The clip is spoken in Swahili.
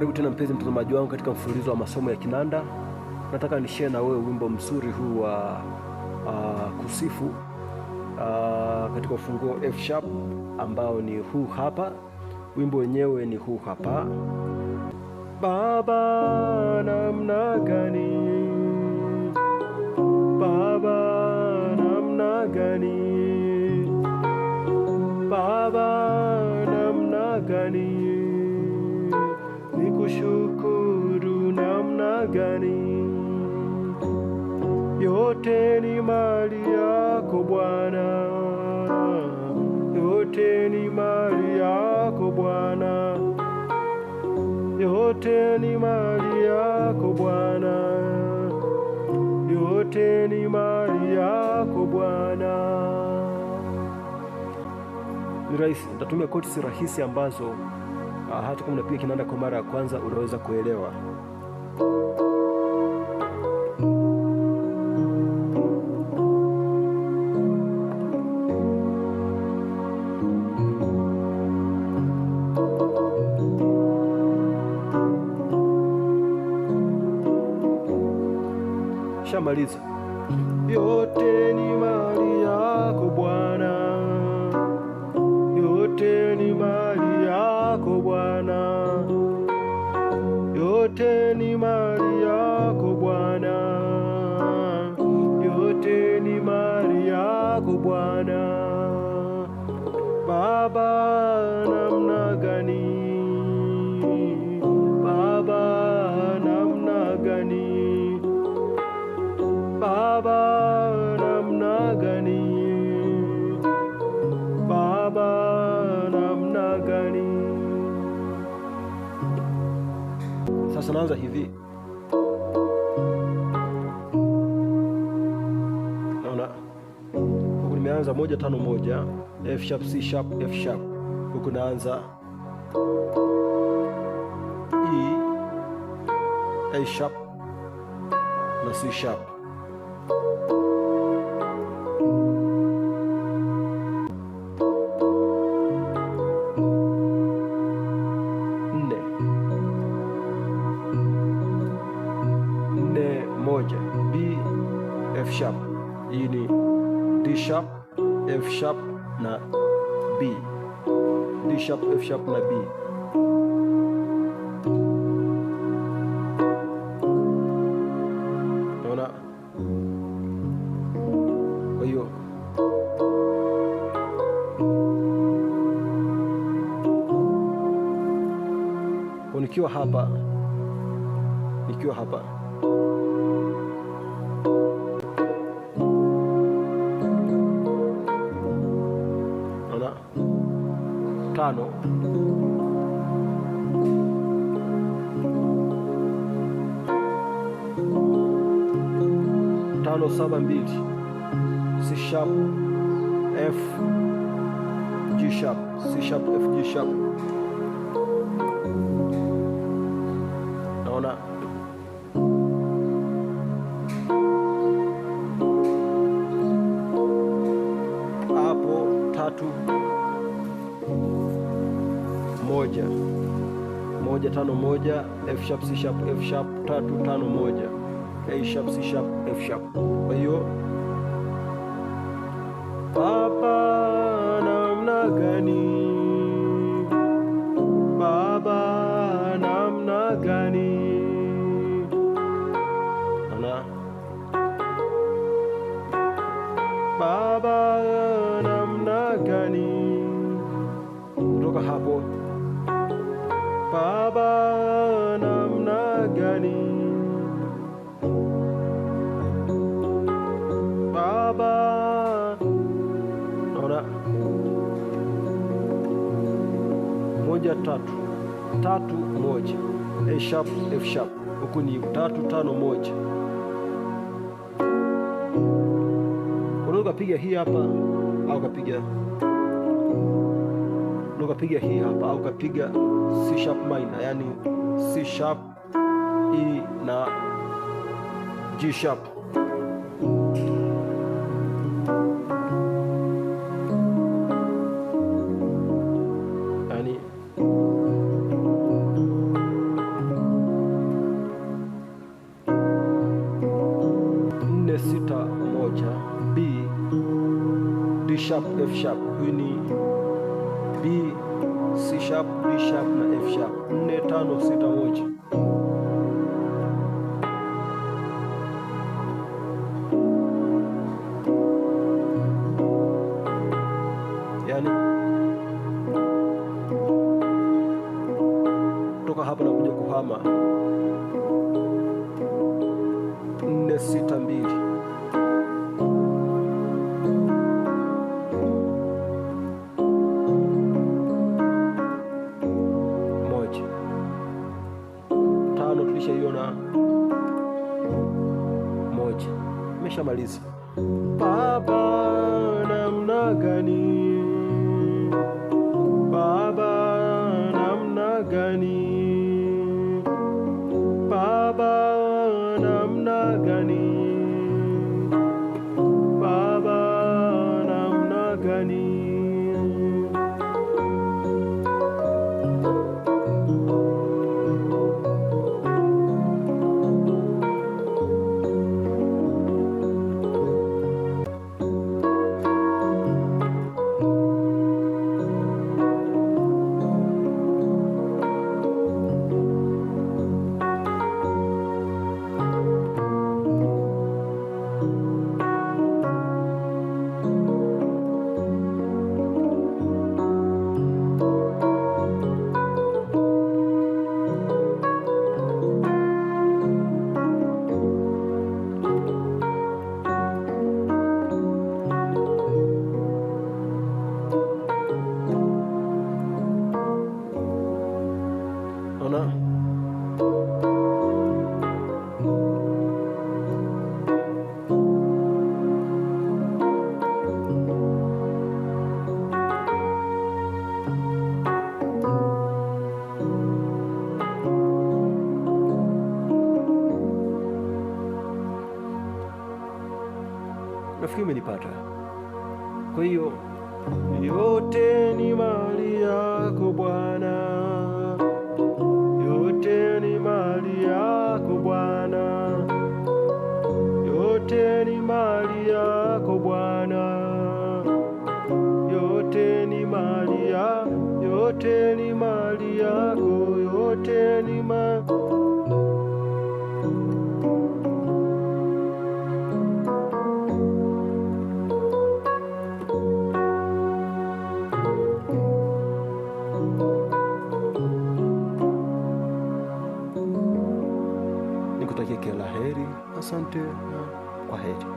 Karibu tena mpenzi mtazamaji wangu katika mfululizo wa masomo ya kinanda. Nataka share na wewe wimbo mzuri huu wa uh, kusifu uh, katika ufunguo F sharp ambao ni huu hapa. Wimbo wenyewe ni huu hapa. Baba namna gani Baba yote ni mali yako Bwana, yote ni mali yako Bwana, yote ni mali yako Bwana, yote ni mali yako Bwana. Ni rahisi, nitatumia koti rahisi ambazo ah, hata kama unapiga kinanda kwa mara ya kwanza unaweza kuelewa. shamaliza. Yote ni mali yako Bwana, yote ni mali yako Bwana, yote ni mali yako Bwana, yote ni mali yako Bwana Baba. zinaanza hivi, naona huku nimeanza moja tano moja, F sharp C sharp F sharp, huku naanza E A sharp na C sharp sharp, F sharp na B. D sharp, F sharp na B. Unaona? Kwa hiyo nikiwa hapa nikiwa hapa tano tano saba mbili C sharp F G sharp C sharp F G sharp moja moja tano moja F sharp C sharp F sharp tatu tano moja A sharp C sharp F sharp. Kwa hiyo Papa namna gani Baba, namna gani ana Baba, namna gani kutoka hapo Baba namna gani? Baba naona moja tatu tatu moja A sharp F sharp, huku ni tatu tano moja. Unaweza ukapiga hii hapa au ukapiga na ukapiga hii hapa au ukapiga C sharp minor, yani C sharp E na G sharp. sita moja B D sharp F sharp. Huyu ni B, C sharp, D sharp na F sharp. 4 tano, sita, watch. Yani toka hapa na kuja kuhama nne sita mbili meshamaliza. Baba namna gani Nafikiri umenipata. Kwa hiyo yote ni mali yako Bwana, yote ni mali yako Bwana, yote ni mali yako Bwana, yote ni mali yako, yote I hate quiet.